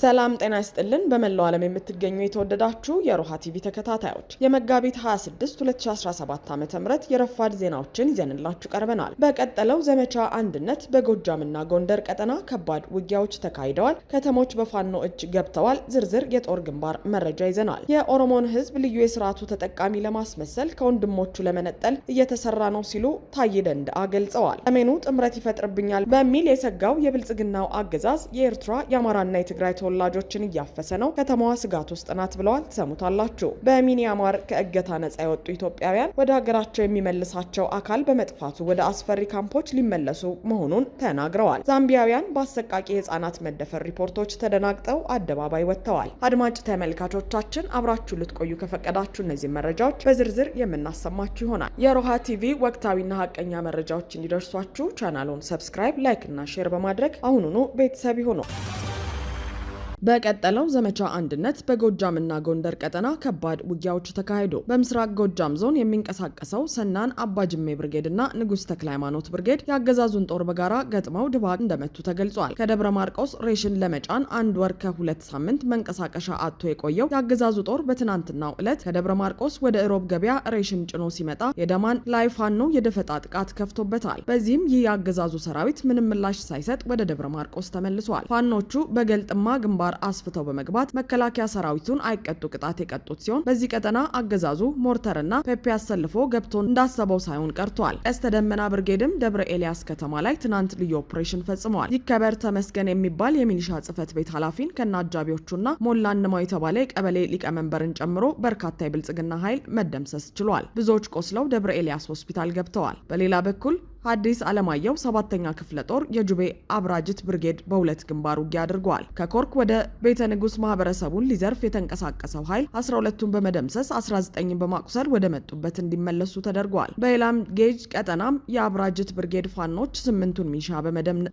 ሰላም ጤና ይስጥልን። በመላው ዓለም የምትገኙ የተወደዳችሁ የሮሃ ቲቪ ተከታታዮች የመጋቢት 26 2017 ዓ.ም የረፋድ ዜናዎችን ይዘንላችሁ ቀርበናል። በቀጠለው ዘመቻ አንድነት በጎጃምና ጎንደር ቀጠና ከባድ ውጊያዎች ተካሂደዋል። ከተሞች በፋኖ እጅ ገብተዋል። ዝርዝር የጦር ግንባር መረጃ ይዘናል። የኦሮሞን ህዝብ ልዩ የስርዓቱ ተጠቃሚ ለማስመሰል ከወንድሞቹ ለመነጠል እየተሰራ ነው ሲሉ ታዬ ደንደአ ገልጸዋል። ሰሜኑ ጥምረት ይፈጥርብኛል በሚል የሰጋው የብልጽግናው አገዛዝ የኤርትራ የአማራና የትግራይ ተወላጆችን እያፈሰ ነው። ከተማዋ ስጋት ውስጥ ናት ብለዋል። ትሰሙታላችሁ። በሚኒያማር ከእገታ ነጻ የወጡ ኢትዮጵያውያን ወደ ሀገራቸው የሚመልሳቸው አካል በመጥፋቱ ወደ አስፈሪ ካምፖች ሊመለሱ መሆኑን ተናግረዋል። ዛምቢያውያን በአሰቃቂ የህፃናት መደፈር ሪፖርቶች ተደናግጠው አደባባይ ወጥተዋል። አድማጭ ተመልካቾቻችን አብራችሁ ልትቆዩ ከፈቀዳችሁ እነዚህ መረጃዎች በዝርዝር የምናሰማችሁ ይሆናል። የሮሃ ቲቪ ወቅታዊና ሀቀኛ መረጃዎች እንዲደርሷችሁ ቻናሉን ሰብስክራይብ፣ ላይክ እና ሼር በማድረግ አሁኑኑ ቤተሰብ ይሁኑ። በቀጠለው ዘመቻ አንድነት በጎጃምና ጎንደር ቀጠና ከባድ ውጊያዎች ተካሄዱ። በምስራቅ ጎጃም ዞን የሚንቀሳቀሰው ሰናን አባጅሜ ብርጌድና ንጉሥ ተክለ ሃይማኖት ብርጌድ የአገዛዙን ጦር በጋራ ገጥመው ድባቅ እንደመቱ ተገልጿል። ከደብረ ማርቆስ ሬሽን ለመጫን አንድ ወር ከሁለት ሳምንት መንቀሳቀሻ አጥቶ የቆየው የአገዛዙ ጦር በትናንትናው ዕለት ከደብረ ማርቆስ ወደ እሮብ ገበያ ሬሽን ጭኖ ሲመጣ የደማን ላይ ፋኖ የደፈጣ ጥቃት ከፍቶበታል። በዚህም ይህ የአገዛዙ ሰራዊት ምንም ምላሽ ሳይሰጥ ወደ ደብረ ማርቆስ ተመልሷል። ፋኖቹ በገልጥማ ግንባር ተግባር አስፍተው በመግባት መከላከያ ሰራዊቱን አይቀጡ ቅጣት የቀጡት ሲሆን በዚህ ቀጠና አገዛዙ ሞርተርና ፔፔ አሰልፎ ገብቶ እንዳሰበው ሳይሆን ቀርቷል። ቀስተ ደመና ብርጌድም ደብረ ኤልያስ ከተማ ላይ ትናንት ልዩ ኦፕሬሽን ፈጽመዋል። ይከበር ተመስገን የሚባል የሚሊሻ ጽህፈት ቤት ኃላፊን ከነ አጃቢዎቹና ሞላ እንማው የተባለ የቀበሌ ሊቀመንበርን ጨምሮ በርካታ የብልጽግና ኃይል መደምሰስ ችሏል። ብዙዎች ቆስለው ደብረ ኤልያስ ሆስፒታል ገብተዋል። በሌላ በኩል ሐዲስ ዓለማየሁ ሰባተኛ ክፍለ ጦር የጁቤ አብራጅት ብርጌድ በሁለት ግንባር ውጊያ አድርገዋል። ከኮርክ ወደ ቤተ ንጉሥ ማህበረሰቡን ሊዘርፍ የተንቀሳቀሰው ኃይል 12ቱን በመደምሰስ 19ን በማቁሰል ወደ መጡበት እንዲመለሱ ተደርጓል። በኢላም ጌጅ ቀጠናም የአብራጅት ብርጌድ ፋኖች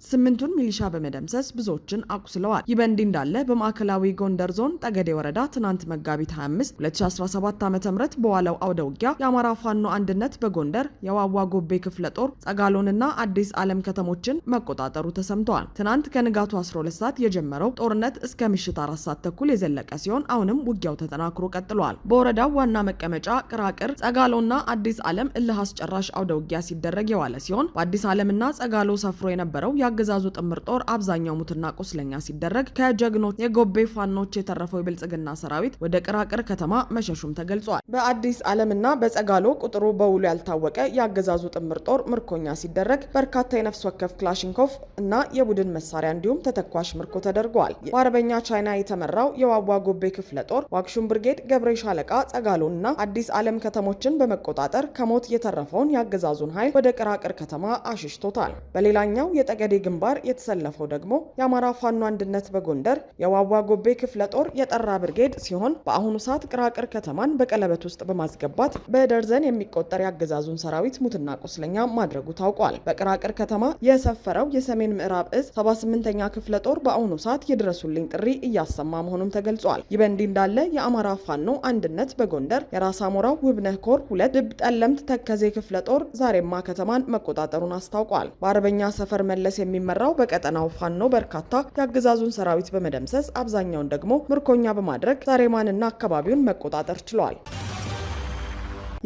ስምንቱን ሚሊሻ በመደምሰስ ብዙዎችን አቁስለዋል። ይህ በእንዲህ እንዳለ በማዕከላዊ ጎንደር ዞን ጠገዴ ወረዳ ትናንት መጋቢት 25 2017 ዓ ም በዋለው አውደ ውጊያ የአማራ ፋኖ አንድነት በጎንደር የዋዋ ጎቤ ክፍለ ጦር ጠጋሎንና አዲስ ዓለም ከተሞችን መቆጣጠሩ ተሰምተዋል። ትናንት ከንጋቱ 12 ሰዓት የጀመረው ጦርነት እስከ ምሽት አራት ሰዓት ተኩል የዘለቀ ሲሆን አሁንም ውጊያው ተጠናክሮ ቀጥሏል። በወረዳው ዋና መቀመጫ ቅራቅር፣ ጸጋሎና አዲስ ዓለም እልህ አስጨራሽ አውደ ውጊያ ሲደረግ የዋለ ሲሆን በአዲስ ዓለምና ጸጋሎ ሰፍሮ የነበረው የአገዛዙ ጥምር ጦር አብዛኛው ሙትና ቁስለኛ ሲደረግ ከጀግኖች የጎቤ ፋኖች የተረፈው የብልጽግና ሰራዊት ወደ ቅራቅር ከተማ መሸሹም ተገልጿል። በአዲስ ዓለምና በጸጋሎ ቁጥሩ በውሉ ያልታወቀ የአገዛዙ ጥምር ጦር ምርኮኛ ቁጥጥረኛ ሲደረግ በርካታ የነፍስ ወከፍ ክላሽንኮቭ እና የቡድን መሳሪያ እንዲሁም ተተኳሽ ምርኮ ተደርገዋል። በአርበኛ ቻይና የተመራው የዋቧ ጎቤ ክፍለ ጦር ዋግሹም ብርጌድ፣ ገብሬ ሻለቃ፣ ጸጋሎን እና አዲስ ዓለም ከተሞችን በመቆጣጠር ከሞት የተረፈውን የአገዛዙን ኃይል ወደ ቅራቅር ከተማ አሽሽቶታል። በሌላኛው የጠገዴ ግንባር የተሰለፈው ደግሞ የአማራ ፋኖ አንድነት በጎንደር የዋቧ ጎቤ ክፍለ ጦር የጠራ ብርጌድ ሲሆን በአሁኑ ሰዓት ቅራቅር ከተማን በቀለበት ውስጥ በማስገባት በደርዘን የሚቆጠር የአገዛዙን ሰራዊት ሙትና ቁስለኛ ማድረጉ ታውቋል። በቅራቅር ከተማ የሰፈረው የሰሜን ምዕራብ እዝ 78ኛ ክፍለ ጦር በአሁኑ ሰዓት የድረሱልኝ ጥሪ እያሰማ መሆኑም ተገልጿል። ይህ በእንዲህ እንዳለ የአማራ ፋኖ አንድነት በጎንደር የራስ አሞራው ውብነህ ኮር ሁለት ድብ ጠለምት ተከዜ ክፍለ ጦር ዛሬማ ከተማን መቆጣጠሩን አስታውቋል። በአርበኛ ሰፈር መለስ የሚመራው በቀጠናው ፋኖ በርካታ የአገዛዙን ሰራዊት በመደምሰስ አብዛኛውን ደግሞ ምርኮኛ በማድረግ ዛሬማንና አካባቢውን መቆጣጠር ችሏል።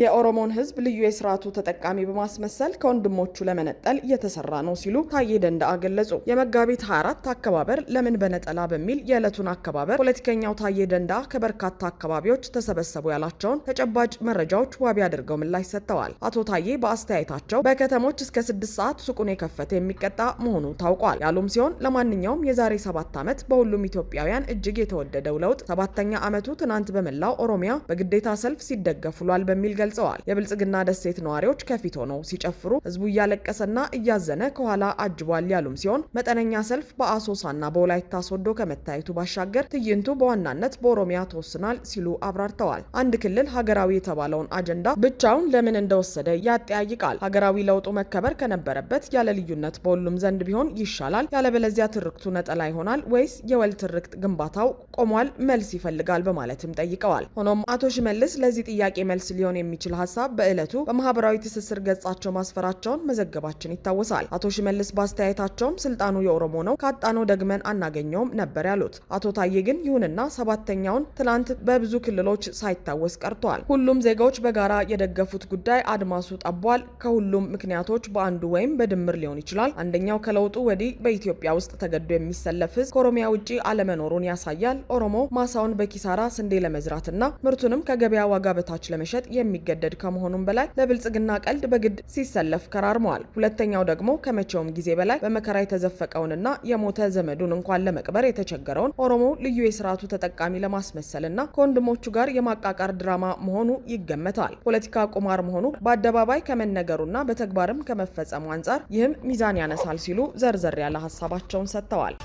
የኦሮሞን ህዝብ ልዩ የስርዓቱ ተጠቃሚ በማስመሰል ከወንድሞቹ ለመነጠል እየተሰራ ነው ሲሉ ታዬ ደንደአ ገለጹ። የመጋቢት 24 አከባበር ለምን በነጠላ በሚል የዕለቱን አከባበር ፖለቲከኛው ታዬ ደንደአ ከበርካታ አካባቢዎች ተሰበሰቡ ያላቸውን ተጨባጭ መረጃዎች ዋቢ አድርገው ምላሽ ሰጥተዋል። አቶ ታዬ በአስተያየታቸው በከተሞች እስከ ስድስት ሰዓት ሱቁን የከፈተ የሚቀጣ መሆኑ ታውቋል ያሉም ሲሆን ለማንኛውም የዛሬ ሰባት ዓመት በሁሉም ኢትዮጵያውያን እጅግ የተወደደው ለውጥ ሰባተኛ ዓመቱ ትናንት በመላው ኦሮሚያ በግዴታ ሰልፍ ሲደገፍ ውሏል በሚል ገ ገልጸዋል። የብልጽግና ደሴት ነዋሪዎች ከፊት ሆነው ሲጨፍሩ ህዝቡ እያለቀሰና እያዘነ ከኋላ አጅቧል ያሉም ሲሆን መጠነኛ ሰልፍ በአሶሳና በወላይታ ሶዶ ከመታየቱ ባሻገር ትዕይንቱ በዋናነት በኦሮሚያ ተወስናል ሲሉ አብራርተዋል። አንድ ክልል ሀገራዊ የተባለውን አጀንዳ ብቻውን ለምን እንደወሰደ ያጠያይቃል። ሀገራዊ ለውጡ መከበር ከነበረበት ያለ ልዩነት በሁሉም ዘንድ ቢሆን ይሻላል። ያለበለዚያ ትርክቱ ነጠላ ይሆናል ወይስ የወል ትርክት ግንባታው ቆሟል? መልስ ይፈልጋል በማለትም ጠይቀዋል። ሆኖም አቶ ሽመልስ ለዚህ ጥያቄ መልስ ሊሆን የሚችል ሀሳብ በዕለቱ በማህበራዊ ትስስር ገጻቸው ማስፈራቸውን መዘገባችን ይታወሳል። አቶ ሽመልስ በአስተያየታቸውም ስልጣኑ የኦሮሞ ነው ካጣነው ደግመን አናገኘውም ነበር ያሉት አቶ ታዬ ግን ይሁንና ሰባተኛውን ትናንት በብዙ ክልሎች ሳይታወስ ቀርቷል። ሁሉም ዜጋዎች በጋራ የደገፉት ጉዳይ አድማሱ ጠቧል። ከሁሉም ምክንያቶች በአንዱ ወይም በድምር ሊሆን ይችላል። አንደኛው ከለውጡ ወዲህ በኢትዮጵያ ውስጥ ተገዶ የሚሰለፍ ህዝብ ከኦሮሚያ ውጭ አለመኖሩን ያሳያል። ኦሮሞ ማሳውን በኪሳራ ስንዴ ለመዝራትና ምርቱንም ከገበያ ዋጋ በታች ለመሸጥ የሚ የሚገደድ ከመሆኑም በላይ ለብልጽግና ቀልድ በግድ ሲሰለፍ ከራርመዋል። ሁለተኛው ደግሞ ከመቼውም ጊዜ በላይ በመከራ የተዘፈቀውንና የሞተ ዘመዱን እንኳን ለመቅበር የተቸገረውን ኦሮሞ ልዩ የስርዓቱ ተጠቃሚ ለማስመሰልና ከወንድሞቹ ጋር የማቃቃር ድራማ መሆኑ ይገመታል። ፖለቲካ ቁማር መሆኑ በአደባባይ ከመነገሩና በተግባርም ከመፈጸሙ አንጻር ይህም ሚዛን ያነሳል ሲሉ ዘርዘር ያለ ሀሳባቸውን ሰጥተዋል።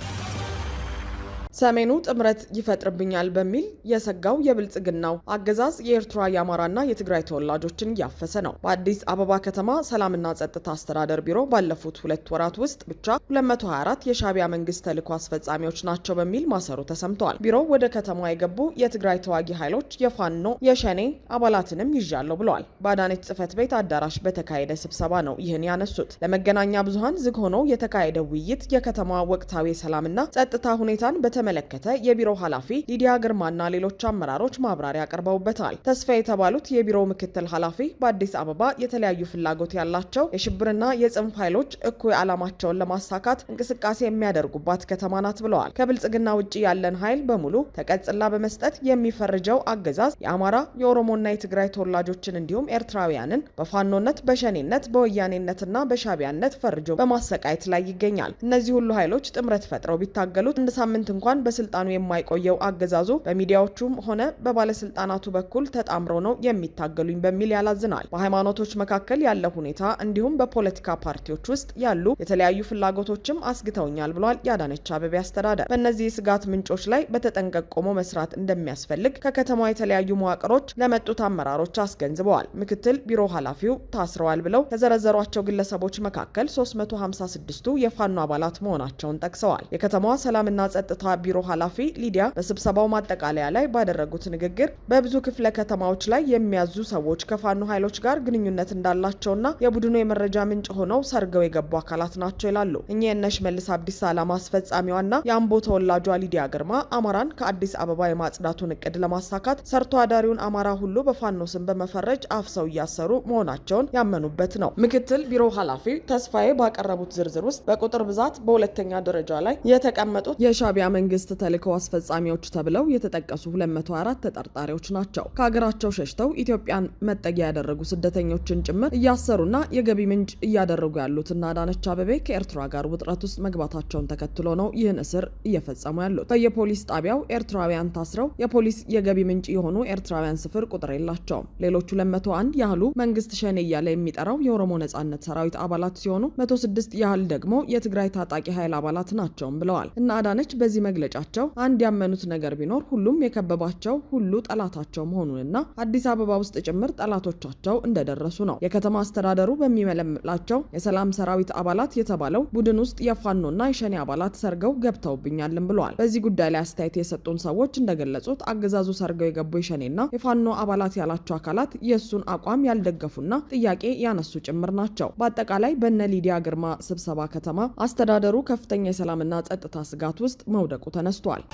ሰሜኑ ጥምረት ይፈጥርብኛል በሚል የሰጋው የብልጽግናው አገዛዝ የኤርትራ የአማራና የትግራይ ተወላጆችን እያፈሰ ነው። በአዲስ አበባ ከተማ ሰላምና ጸጥታ አስተዳደር ቢሮ ባለፉት ሁለት ወራት ውስጥ ብቻ 224 የሻቢያ መንግስት ተልዕኮ አስፈጻሚዎች ናቸው በሚል ማሰሩ ተሰምተዋል። ቢሮው ወደ ከተማ የገቡ የትግራይ ተዋጊ ኃይሎች የፋኖ የሸኔ አባላትንም ይዣለሁ ብለዋል። በአዳነች ጽህፈት ቤት አዳራሽ በተካሄደ ስብሰባ ነው ይህን ያነሱት። ለመገናኛ ብዙሀን ዝግ ሆኖ የተካሄደ ውይይት የከተማ ወቅታዊ ሰላምና ጸጥታ ሁኔታን በተ በተመለከተ የቢሮው ኃላፊ ሊዲያ ግርማና ሌሎች አመራሮች ማብራሪያ አቅርበውበታል። ተስፋ የተባሉት የቢሮው ምክትል ኃላፊ በአዲስ አበባ የተለያዩ ፍላጎት ያላቸው የሽብርና የጽንፍ ኃይሎች እኩይ ዓላማቸውን ለማሳካት እንቅስቃሴ የሚያደርጉባት ከተማ ናት ብለዋል። ከብልጽግና ውጭ ያለን ኃይል በሙሉ ተቀጽላ በመስጠት የሚፈርጀው አገዛዝ የአማራ የኦሮሞና የትግራይ ተወላጆችን እንዲሁም ኤርትራውያንን በፋኖነት፣ በሸኔነት፣ በወያኔነትና በሻቢያነት ፈርጆ በማሰቃየት ላይ ይገኛል። እነዚህ ሁሉ ኃይሎች ጥምረት ፈጥረው ቢታገሉት አንድ ሳምንት እንኳን እንኳን በስልጣኑ የማይቆየው አገዛዙ በሚዲያዎቹም ሆነ በባለስልጣናቱ በኩል ተጣምሮ ነው የሚታገሉኝ በሚል ያላዝናል። በሃይማኖቶች መካከል ያለ ሁኔታ እንዲሁም በፖለቲካ ፓርቲዎች ውስጥ ያሉ የተለያዩ ፍላጎቶችም አስግተውኛል ብሏል። የአዳነች አበቤ አስተዳደር በእነዚህ ስጋት ምንጮች ላይ በተጠንቀቅ ቆሞ መስራት እንደሚያስፈልግ ከከተማ የተለያዩ መዋቅሮች ለመጡት አመራሮች አስገንዝበዋል። ምክትል ቢሮ ኃላፊው ታስረዋል ብለው ከዘረዘሯቸው ግለሰቦች መካከል 356ቱ የፋኖ አባላት መሆናቸውን ጠቅሰዋል። የከተማዋ ሰላምና ጸጥታ ቢሮ ኃላፊ ሊዲያ በስብሰባው ማጠቃለያ ላይ ባደረጉት ንግግር በብዙ ክፍለ ከተማዎች ላይ የሚያዙ ሰዎች ከፋኖ ኃይሎች ጋር ግንኙነት እንዳላቸውና የቡድኑ የመረጃ ምንጭ ሆነው ሰርገው የገቡ አካላት ናቸው ይላሉ። እኚህ የእነ ሽመልስ አብዲሳ ዓላማ አስፈጻሚዋና የአምቦ ተወላጇ ሊዲያ ግርማ አማራን ከአዲስ አበባ የማጽዳቱን እቅድ ለማሳካት ሰርቶ አዳሪውን አማራ ሁሉ በፋኖ ስም በመፈረጅ አፍሰው እያሰሩ መሆናቸውን ያመኑበት ነው። ምክትል ቢሮ ኃላፊ ተስፋዬ ባቀረቡት ዝርዝር ውስጥ በቁጥር ብዛት በሁለተኛ ደረጃ ላይ የተቀመጡት የሻቢያ መንግስት መንግስት ተልእኮ አስፈጻሚዎች ተብለው የተጠቀሱ 204 ተጠርጣሪዎች ናቸው። ከሀገራቸው ሸሽተው ኢትዮጵያን መጠጊያ ያደረጉ ስደተኞችን ጭምር እያሰሩና የገቢ ምንጭ እያደረጉ ያሉትና አዳነች አበቤ ከኤርትራ ጋር ውጥረት ውስጥ መግባታቸውን ተከትሎ ነው ይህን እስር እየፈጸሙ ያሉት። በየፖሊስ ጣቢያው ኤርትራውያን ታስረው የፖሊስ የገቢ ምንጭ የሆኑ ኤርትራውያን ስፍር ቁጥር የላቸውም። ሌሎቹ 201 ያህሉ መንግስት ሸኔ እያለ የሚጠራው የኦሮሞ ነጻነት ሰራዊት አባላት ሲሆኑ 106 ያህል ደግሞ የትግራይ ታጣቂ ኃይል አባላት ናቸውም ብለዋል እና አዳነች በዚህ መግለ መግለጫቸው አንድ ያመኑት ነገር ቢኖር ሁሉም የከበባቸው ሁሉ ጠላታቸው መሆኑንና አዲስ አበባ ውስጥ ጭምር ጠላቶቻቸው እንደደረሱ ነው። የከተማ አስተዳደሩ በሚመለምላቸው የሰላም ሰራዊት አባላት የተባለው ቡድን ውስጥ የፋኖና የሸኔ አባላት ሰርገው ገብተውብኛልን ብለዋል። በዚህ ጉዳይ ላይ አስተያየት የሰጡን ሰዎች እንደገለጹት አገዛዙ ሰርገው የገቡ የሸኔና የፋኖ አባላት ያላቸው አካላት የእሱን አቋም ያልደገፉና ጥያቄ ያነሱ ጭምር ናቸው። በአጠቃላይ በነ ሊዲያ ግርማ ስብሰባ ከተማ አስተዳደሩ ከፍተኛ የሰላምና ጸጥታ ስጋት ውስጥ መውደቁ Antônio Astuoli.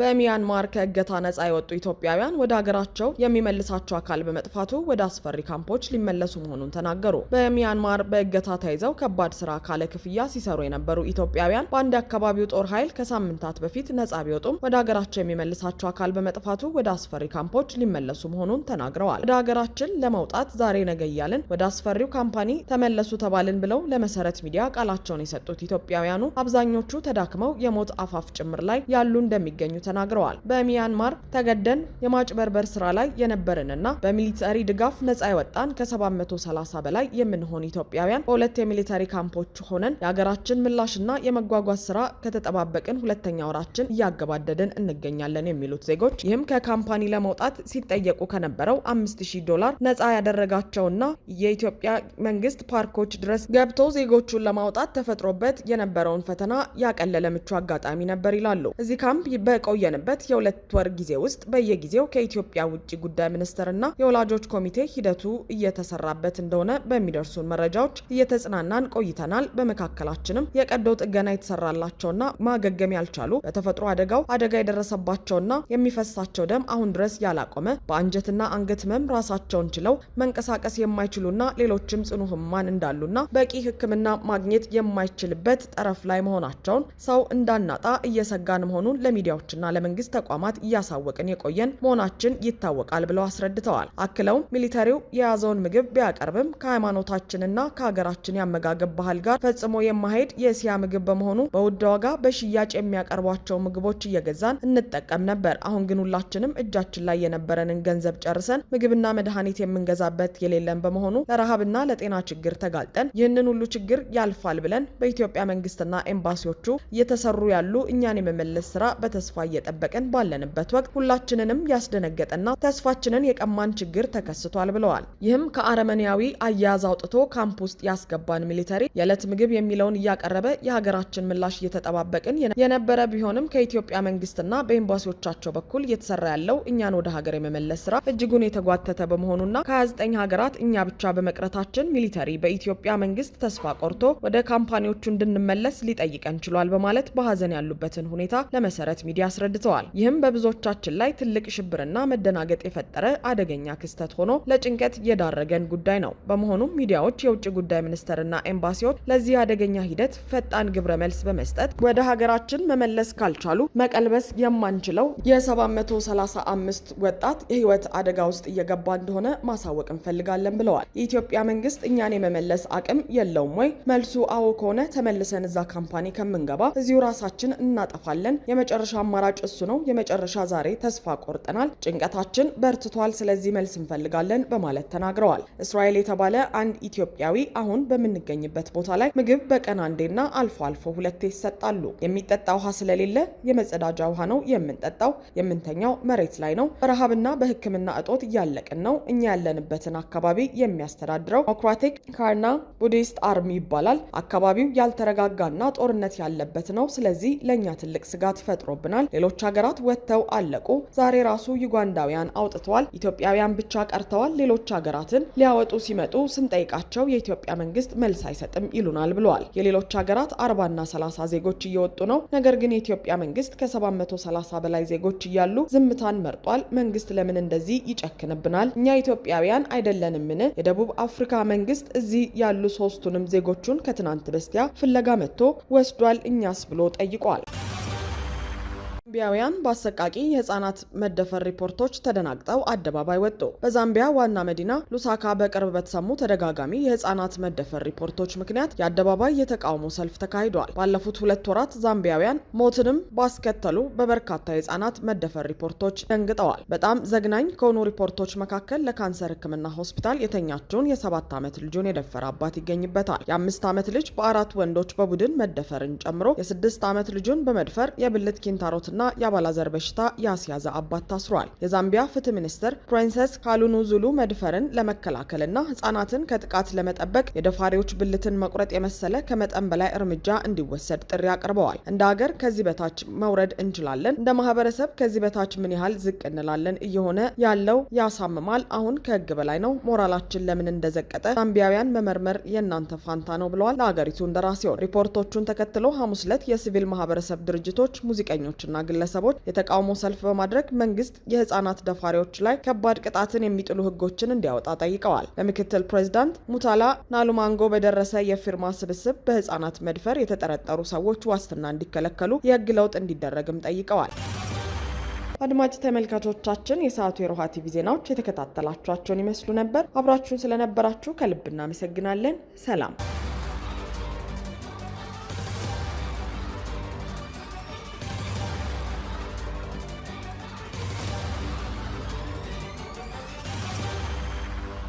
በሚያንማር ከእገታ ነጻ የወጡ ኢትዮጵያውያን ወደ ሀገራቸው የሚመልሳቸው አካል በመጥፋቱ ወደ አስፈሪ ካምፖች ሊመለሱ መሆኑን ተናገሩ። በሚያንማር በእገታ ተይዘው ከባድ ስራ ካለ ክፍያ ሲሰሩ የነበሩ ኢትዮጵያውያን በአንድ አካባቢው ጦር ኃይል ከሳምንታት በፊት ነጻ ቢወጡም ወደ ሀገራቸው የሚመልሳቸው አካል በመጥፋቱ ወደ አስፈሪ ካምፖች ሊመለሱ መሆኑን ተናግረዋል። ወደ ሀገራችን ለመውጣት ዛሬ ነገ እያልን ወደ አስፈሪው ካምፓኒ ተመለሱ ተባልን ብለው ለመሰረት ሚዲያ ቃላቸውን የሰጡት ኢትዮጵያውያኑ አብዛኞቹ ተዳክመው የሞት አፋፍ ጭምር ላይ ያሉ እንደሚገኙ ተናግረዋል። በሚያንማር ተገደን የማጭበርበር ስራ ላይ የነበርንና በሚሊተሪ ድጋፍ ነፃ የወጣን ከ730 በላይ የምንሆን ኢትዮጵያውያን በሁለት የሚሊተሪ ካምፖች ሆነን የሀገራችን ምላሽና የመጓጓዝ ስራ ከተጠባበቅን ሁለተኛ ወራችን እያገባደድን እንገኛለን የሚሉት ዜጎች ይህም ከካምፓኒ ለመውጣት ሲጠየቁ ከነበረው 5000 ዶላር ነፃ ያደረጋቸውና የኢትዮጵያ መንግስት ፓርኮች ድረስ ገብቶ ዜጎቹን ለማውጣት ተፈጥሮበት የነበረውን ፈተና ያቀለለ ምቹ አጋጣሚ ነበር ይላሉ። እዚህ ካምፕ በቆየንበት የሁለት ወር ጊዜ ውስጥ በየጊዜው ከኢትዮጵያ ውጭ ጉዳይ ሚኒስቴርና የወላጆች ኮሚቴ ሂደቱ እየተሰራበት እንደሆነ በሚደርሱን መረጃዎች እየተጽናናን ቆይተናል። በመካከላችንም የቀዶ ጥገና የተሰራላቸውና ማገገም ያልቻሉ በተፈጥሮ አደጋው አደጋ የደረሰባቸውና የሚፈሳቸው ደም አሁን ድረስ ያላቆመ በአንጀትና አንገት ህመም ራሳቸውን ችለው መንቀሳቀስ የማይችሉና ሌሎችም ጽኑ ህሙማን እንዳሉና በቂ ሕክምና ማግኘት የማይችልበት ጠረፍ ላይ መሆናቸውን ሰው እንዳናጣ እየሰጋን መሆኑን ለሚዲያዎች ለግለሰቦችና ለመንግስት ተቋማት እያሳወቅን የቆየን መሆናችን ይታወቃል ብለው አስረድተዋል። አክለውም ሚሊተሪው የያዘውን ምግብ ቢያቀርብም ከሃይማኖታችንና ከሀገራችን ያመጋገብ ባህል ጋር ፈጽሞ የማሄድ የእስያ ምግብ በመሆኑ በውድ ዋጋ በሽያጭ የሚያቀርቧቸው ምግቦች እየገዛን እንጠቀም ነበር። አሁን ግን ሁላችንም እጃችን ላይ የነበረንን ገንዘብ ጨርሰን ምግብና መድኃኒት የምንገዛበት የሌለን በመሆኑ ለረሃብና ለጤና ችግር ተጋልጠን ይህንን ሁሉ ችግር ያልፋል ብለን በኢትዮጵያ መንግስትና ኤምባሲዎቹ እየተሰሩ ያሉ እኛን የመመለስ ስራ በተስፋ እየጠበቀን ባለንበት ወቅት ሁላችንንም ያስደነገጠና ተስፋችንን የቀማን ችግር ተከስቷል ብለዋል። ይህም ከአረመኔያዊ አያያዝ አውጥቶ ካምፕ ውስጥ ያስገባን ሚሊተሪ የዕለት ምግብ የሚለውን እያቀረበ የሀገራችን ምላሽ እየተጠባበቅን የነበረ ቢሆንም ከኢትዮጵያ መንግስትና በኤምባሲዎቻቸው በኩል እየተሰራ ያለው እኛን ወደ ሀገር የመመለስ ስራ እጅጉን የተጓተተ በመሆኑና ከ29 ሀገራት እኛ ብቻ በመቅረታችን ሚሊተሪ በኢትዮጵያ መንግስት ተስፋ ቆርቶ ወደ ካምፓኒዎቹ እንድንመለስ ሊጠይቀን ችሏል በማለት በሀዘን ያሉበትን ሁኔታ ለመሰረት ሚዲያ አስረድተዋል። ይህም በብዙዎቻችን ላይ ትልቅ ሽብርና መደናገጥ የፈጠረ አደገኛ ክስተት ሆኖ ለጭንቀት የዳረገን ጉዳይ ነው። በመሆኑም ሚዲያዎች፣ የውጭ ጉዳይ ሚኒስቴርና ኤምባሲዎች ለዚህ አደገኛ ሂደት ፈጣን ግብረ መልስ በመስጠት ወደ ሀገራችን መመለስ ካልቻሉ መቀልበስ የማንችለው የ735 ወጣት የህይወት አደጋ ውስጥ እየገባ እንደሆነ ማሳወቅ እንፈልጋለን ብለዋል። የኢትዮጵያ መንግስት እኛን የመመለስ አቅም የለውም ወይ? መልሱ አዎ ከሆነ ተመልሰን እዛ ካምፓኒ ከምንገባ እዚሁ ራሳችን እናጠፋለን። የመጨረሻ አማራ አማራጭ እሱ ነው። የመጨረሻ ዛሬ ተስፋ ቆርጠናል፣ ጭንቀታችን በርትቷል፣ ስለዚህ መልስ እንፈልጋለን በማለት ተናግረዋል። እስራኤል የተባለ አንድ ኢትዮጵያዊ አሁን በምንገኝበት ቦታ ላይ ምግብ በቀን አንዴና አልፎ አልፎ ሁለቴ ይሰጣሉ። የሚጠጣ ውሃ ስለሌለ የመጸዳጃ ውሃ ነው የምንጠጣው። የምንተኛው መሬት ላይ ነው። በረሃብና በሕክምና እጦት እያለቅን ነው። እኛ ያለንበትን አካባቢ የሚያስተዳድረው ሞክራቲክ ካርና ቡዲስት አርሚ ይባላል። አካባቢው ያልተረጋጋና ጦርነት ያለበት ነው። ስለዚህ ለእኛ ትልቅ ስጋት ፈጥሮብናል። ሌሎች ሀገራት ወጥተው አለቁ። ዛሬ ራሱ ዩጋንዳውያን አውጥተዋል። ኢትዮጵያውያን ብቻ ቀርተዋል። ሌሎች ሀገራትን ሊያወጡ ሲመጡ ስንጠይቃቸው የኢትዮጵያ መንግስት መልስ አይሰጥም ይሉናል ብለዋል። የሌሎች ሀገራት አርባና ሰላሳ ዜጎች እየወጡ ነው። ነገር ግን የኢትዮጵያ መንግስት መቶ ሰላሳ በላይ ዜጎች እያሉ ዝምታን መርጧል። መንግስት ለምን እንደዚህ ይጨክንብናል? እኛ ኢትዮጵያውያን አይደለንምን? የደቡብ አፍሪካ መንግስት እዚህ ያሉ ሶስቱንም ዜጎቹን ከትናንት በስቲያ ፍለጋ መጥቶ ወስዷል። እኛስ ብሎ ጠይቋል። ዛምቢያውያን በአሰቃቂ የህፃናት መደፈር ሪፖርቶች ተደናግጠው አደባባይ ወጡ። በዛምቢያ ዋና መዲና ሉሳካ በቅርብ በተሰሙ ተደጋጋሚ የህፃናት መደፈር ሪፖርቶች ምክንያት የአደባባይ የተቃውሞ ሰልፍ ተካሂዷል። ባለፉት ሁለት ወራት ዛምቢያውያን ሞትንም ባስከተሉ በበርካታ የህፃናት መደፈር ሪፖርቶች ደንግጠዋል። በጣም ዘግናኝ ከሆኑ ሪፖርቶች መካከል ለካንሰር ህክምና ሆስፒታል የተኛችውን የሰባት ዓመት ልጁን የደፈረ አባት ይገኝበታል። የአምስት ዓመት ልጅ በአራት ወንዶች በቡድን መደፈርን ጨምሮ የስድስት ዓመት ልጁን በመድፈር የብልት ኪንታሮትና ና የአባላዘር በሽታ ያስያዘ አባት ታስሯል። የዛምቢያ ፍትህ ሚኒስትር ፕሪንሰስ ካሉኑ ዙሉ መድፈርን ና ህጻናትን ከጥቃት ለመጠበቅ የደፋሪዎች ብልትን መቁረጥ የመሰለ ከመጠን በላይ እርምጃ እንዲወሰድ ጥሪ አቅርበዋል። እንደ ሀገር ከዚህ በታች መውረድ እንችላለን፣ እንደ ማህበረሰብ ከዚህ በታች ምን ያህል ዝቅ እንላለን? እየሆነ ያለው ያሳምማል። አሁን ከህግ በላይ ነው። ሞራላችን ለምን እንደዘቀጠ ዛምቢያውያን መመርመር የእናንተ ፋንታ ነው ብለዋል ለሀገሪቱ እንደራሴው። ሪፖርቶቹን ተከትሎ ሐሙስ ዕለት የሲቪል ማህበረሰብ ድርጅቶች ሙዚቀኞችና ግለሰቦች የተቃውሞ ሰልፍ በማድረግ መንግስት የህጻናት ደፋሪዎች ላይ ከባድ ቅጣትን የሚጥሉ ህጎችን እንዲያወጣ ጠይቀዋል። ለምክትል ፕሬዚዳንት ሙታላ ናሉማንጎ በደረሰ የፊርማ ስብስብ በህጻናት መድፈር የተጠረጠሩ ሰዎች ዋስትና እንዲከለከሉ የህግ ለውጥ እንዲደረግም ጠይቀዋል። አድማጭ ተመልካቾቻችን የሰዓቱ የሮሃ ቲቪ ዜናዎች የተከታተላችኋቸውን ይመስሉ ነበር። አብራችሁን ስለነበራችሁ ከልብ እናመሰግናለን። ሰላም